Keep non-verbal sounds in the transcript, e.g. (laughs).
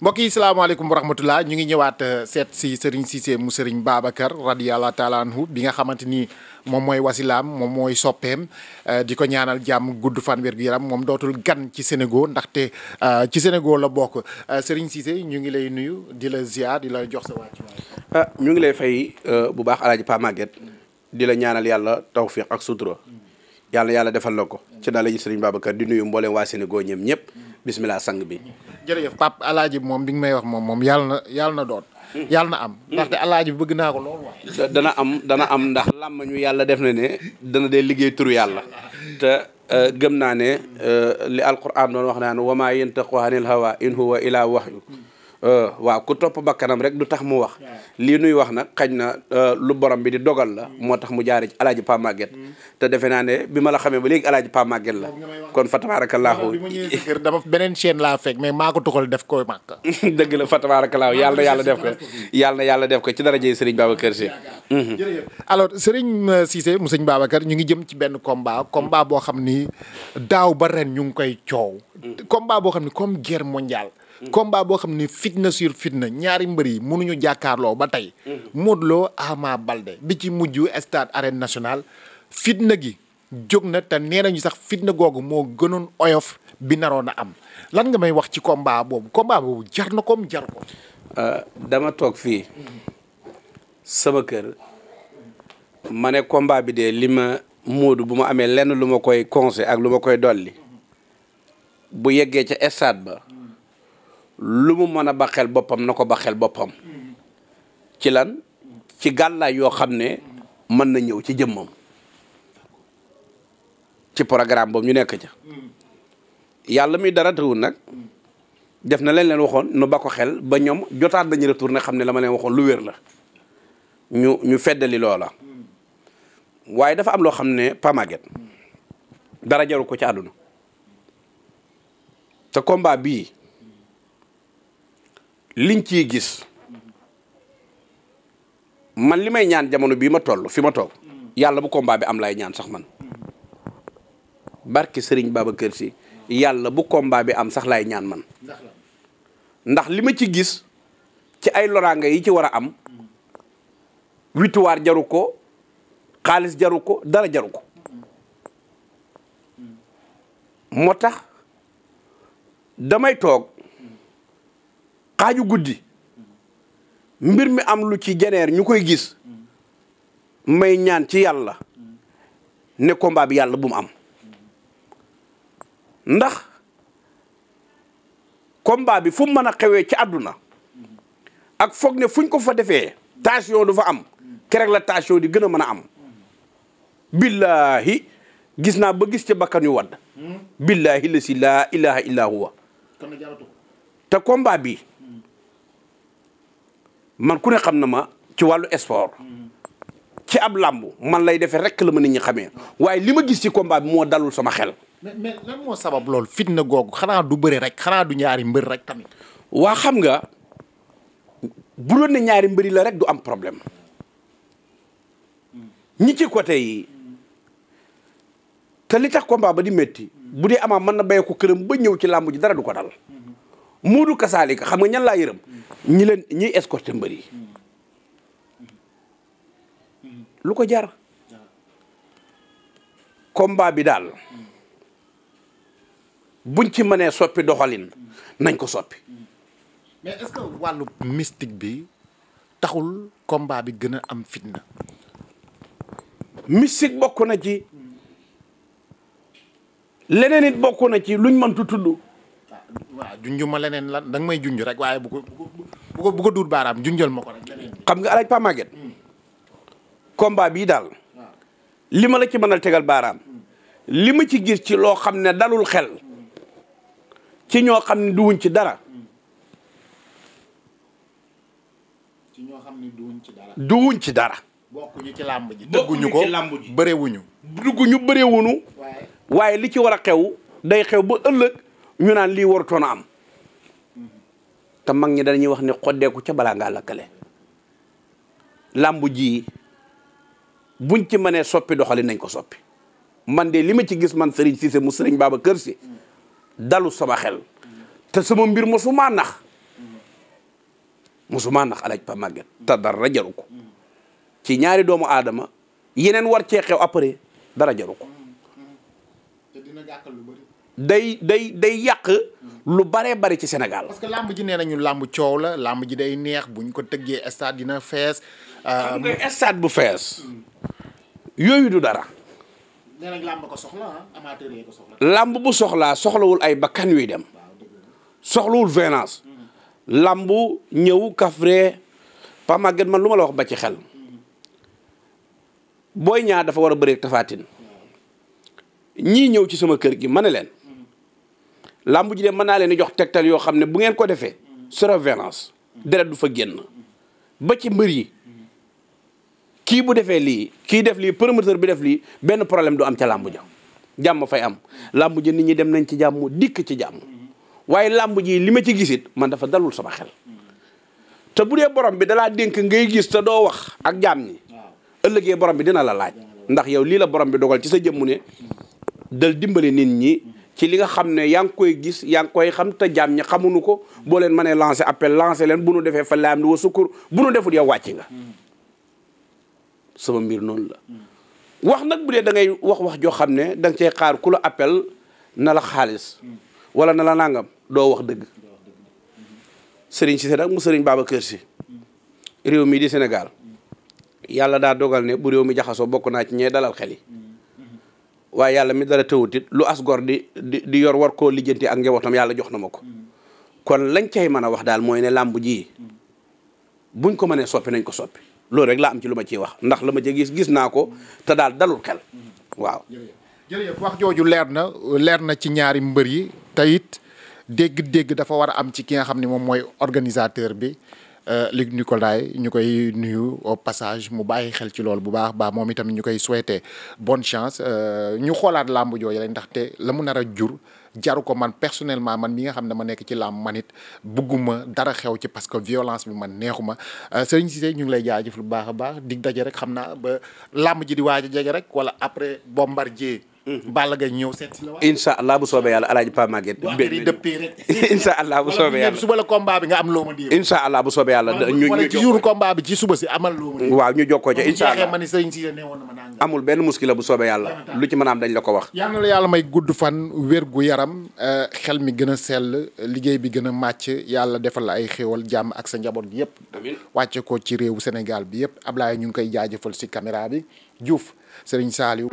mbokk yi salaamaaleykum wa rahmatullah ñu ngi ñëwaat euh, seet si Serigne Cissé mu Serigne Babacar radiyallahu taala anhu bi nga xamante ni moom mooy wasilaam moom mooy soppeem euh, di ko ñaanal jàmm gudd fan wér yaram moom dootul gan ci Sénégal ndaxte euh, ci Sénégal la bokk Serigne Cissé ñu ngi lay nuyu di la ziar di la jox sa wàcc ah ñu ngi lay fay bu baax alaaji Pa Maguette di la ñaanal yàlla tawfiq ak sutura yàlla yàlla defal la ko ci daal la ñu Serigne Babacar di mboolem waa Sénégal ñëm ñëpp bisimilah sang bi. jërëjëf Pape alaaji moom bi may wax moom moom yàlla yàlla na doon. yàlla na am ndaxte alaaji bi bëgg naa ko lool dana am dana am ndax làmmañu yàlla def na ne dana dee liggéey turu yàlla te. Euh, gëm naa ne euh, li alquran doon wax naan wa maa yantaqu anil hawa in huwa ila wahyu Euh, waaw ku topp bakkanam rek du tax mu wax lii nuy wax nag xañ na euh, lu borom bi di dogal la mm. moo tax mu jaare ci alaaji Pa Maguette mm. te defe naa ne bi ma la xamee ba léegi alaaji Pa Maguette la kon fa tabaarakallaahu bi ma ñëwee kër dama beneen chaîne laa fekk mais maa ko tukkal def ko màkk (laughs) dëgg la fa tabaarakallaahu yàlla na yàlla def ko yàlla na yàlla def ko ci daraje Serigne Babacar Sy mhm. alors Serigne euh, Cissé mu Serigne kër ñu ngi jëm ci benn combat combat boo xam ni daaw ba ren ñu ngi koy coow mm. combat boo xam ni comme guerre mondiale combat boo xam ni fitna sur fitna ñaari mbër yi mënuñu jàkkaarloo ba tey. Modou Lo Ama bi ci mujj stade arène nationale fitna gi jóg na te nee nañu sax fitna googu moo gënoon oyof bi naroon a am lan nga may wax ci combat boobu combat boobu jar na koom jar ko. Euh, dama toog fii sama kër ma ne combat bi de li ma Modou bu ma amee lenn lu ma koy conseil ak lu ma koy dolli bu yeggee ca stade ba. lu mu mën a baxel boppam na ko baxel boppam ci lan ci gàllaay yoo xam ne mën na ñëw ci jëmmam ci programme boobu ñu nekk ca yàlla muy dara tawul nag def na leen leen waxoon nu ba ko xel ba ñoom jotaat nañu retourné xam ne la ma leen waxoon lu wér la ñu ñu feddali loola waaye dafa am loo xam ne pamaget dara jaru ko ci àdduna te combat bii liñ ci gis man li may ñaan jamono bii ma toll fi ma toog yàlla bu combat bi am laay ñaan sax man barke Serigne Babacar Sy yàlla bu combat bi am sax laay ñaan man ndax li ma ci gis ci ay loraanga yi ci war a am victoire jaru ko xaalis jaru ko dara jaru ko moo tax damay toog xaaju guddi mbir mi am lu ci jeneer ñu koy gis may ñaan ci yàlla ne combat bi yàlla bu am ndax combat bi fu mu mën a xewee ci àdduna ak foog ne fuñ ko fa defee tension du fa am kerek la tension di gën a mën a am billaahi gis naa ba gis ci bakkan yu wadd hmm? billaahi la si laa ilaha illaa huwa te combat man ku ne xam na ma ci wàllu sport ci ab làmb man lay defee rek la ma nit ñi xamee waaye li ma gis ci combat bi moo dalul sama xel. mais mais lan loolu fitna googu xanaa du bëri rek xanaa du ñaari mbër rek tamit. waa xam nga bu doon ne ñaari mbëri la rek du am problème ñi ci côté te li tax combat ba di metti bu dee amaa mën na béy ko këram ba ñëw ci làmb ji dara du ko dal. muudu kasaalika xam nga ñan laa yërëm ñi leen ñiy escorté mbër yi lu ko jar combat bi daal buñ ci mënee soppi doxalin nañ ko soppi. mais que wàllu mystique bi taxul combat bi gën a am fitna. mystique bokk na ci leneen it bokk na ci luñ mëntu tudd. waaw junj ma leneen lan danga may junj rek waaye bu ko bu duut baaraam junjal ma ko rek xam nga alaaj Pa Maguette. Hmm. bii daal. Hmm. li ma la ci mënal tegal baaraam. Hmm. li ma ci gis ci loo xam ne dalul xel. ci ñoo xam ne duwuñ ci dara. ñoo xam ne duwuñ ci dara. duwuñ ci dara. ji dëgguñu ko bokkuñu làmb ji bëreewuñu. dugguñu bëreewuñu. waaye li ci war a xew. day xew ba ëllëg. ñu naan lii warutoon a am te mag ñi dañuy wax ne xoddeeku ca balaa ngaa lakkale làmb ji buñ ci mënee soppi doxali nañ ko soppi man de li ma ci gis man Serigne Cissé mu baaba Babacar Sy dalu soba xel te sama mbir mosuma nax mosuma nax alaaj pa màgget te dara jaru ko ci ñaari doomu aadama yeneen war cee xew après dara jaru ko mm-hmm. Mm-hmm. Mm-hmm. te day day day yàq lu baree bari ci senegal parce que làmb ji nee nañu làmb coow la làmb ji day neex bu ñu ko tëggee stade dina fees. Euh, xam nga stade bu fees. yooyu du dara. làmb ah, ko soxla làmb bu soxlaa soxlawul ay bakkan yuy dem. soxlawul violence. làmb ñëw kafre Pa Maguette ma lu ma la wax ba ci xel. booy Niang dafa war a bëreeg Tapha Tine ñii ñëw ci sama kër gi ma ne leen làmb ji de mën naa leen di jox tegtal yoo xam ne bu ngeen ko defee surveillance deret du fa génn ba ci mbër yi kii bu defee lii kii def lii promoteur bi def lii benn problème du am ca làmb ja jàmm fay am làmb ji nit ñi dem nañ ci jàmm dikk ci jàmm waaye làmb ji li ma ci gisit man dafa dalul sama xel te bu dee borom bi dalaa dénk ngay gis te doo wax ak jaam ñi ëllëgee borom bi dina la laaj ndax yow lii la borom bi dogal ci sa jëmmu ne dal dimbale nit ñi ci li nga xam ne yaa ngi koy gis yaa ngi koy xam te jaam ñi xamuñu ko boo leen mënee lancé appel lancé leen bu nu defee fa laam di wa sukkur bu nu deful yow wàcc nga sama mbir noonu la wax nag bu dee da ngay wax wax joo xam ne danga nga cey xaar ku la appel na la xaalis wala na la nangam doo wax dëgg sëriñ si nag mu sëriñ Babacar Si réew mii di Sénégal yàlla daa dogal ne bu réew mi jaxasoo bokk naa ci ñee dalal xel yi waaye yàlla mi dara tawut it lu as gor di di yor war koo lijjanti ak njabootam yàlla jox na ma ko kon lañ cay mën a wax daal mooy ne làmb ji buñ ko mënee soppi nañ ko soppi loolu rek laa am ci lu ma ciy wax ndax la ma ci gis gis naa ko te daal dalul xel waaw. wax jooju leer na leer na ci ñaari mbër yi te it dégg-dégg dafa war a am ci ki nga xam ne moom mooy organisateur bi. Euh, Luc Nicolaï ñu koy nuyu au passage mu bàyyi xel ci loolu bu baax baax moom itam ñu koy souhaiter bonne chance euh, ñu xoolaat làmb jooju rek ndaxte la mu nar a jur jaru ko man personnellement man mi nga xam ne ma nekk ci làmb man it bugguma dara xew ci parce que violence bi man neexuma euh, Serigne Cissé ñu ngi lay jaajëfal bu baax a baax dig daje rek xam na ba làmb ji di waaj a jege rek wala après bombardier Mm-hmm. Balla Gaye ñëw seet si la. incha allah bu soobee yàlla alaaji Paa Maguette. benn dëppee rek. (laughs) incha allah bu soobee yàlla bi nga am loo incha allah bu soobee yàlla ñu ñu ci jour combat ci suba si amal loo ma di. waaw jokkoo ca incha allah ni sëñ si ne woon na ma nangam. amul benn muskila bu soobee yàlla lu ci man a am dañ la ko wax. yal na yàlla may gudd fan wér gu yaram eh, xel mi gën a sell liggéey bi gën a màcc yàlla defal la ay xéwal jàmm ak sa njaboot gi yëpp. wàcce ko ci réewu Sénégal bi yëpp Ablaye ñu ngi koy jaajëfal si caméra bi Diouf Serigne Saliou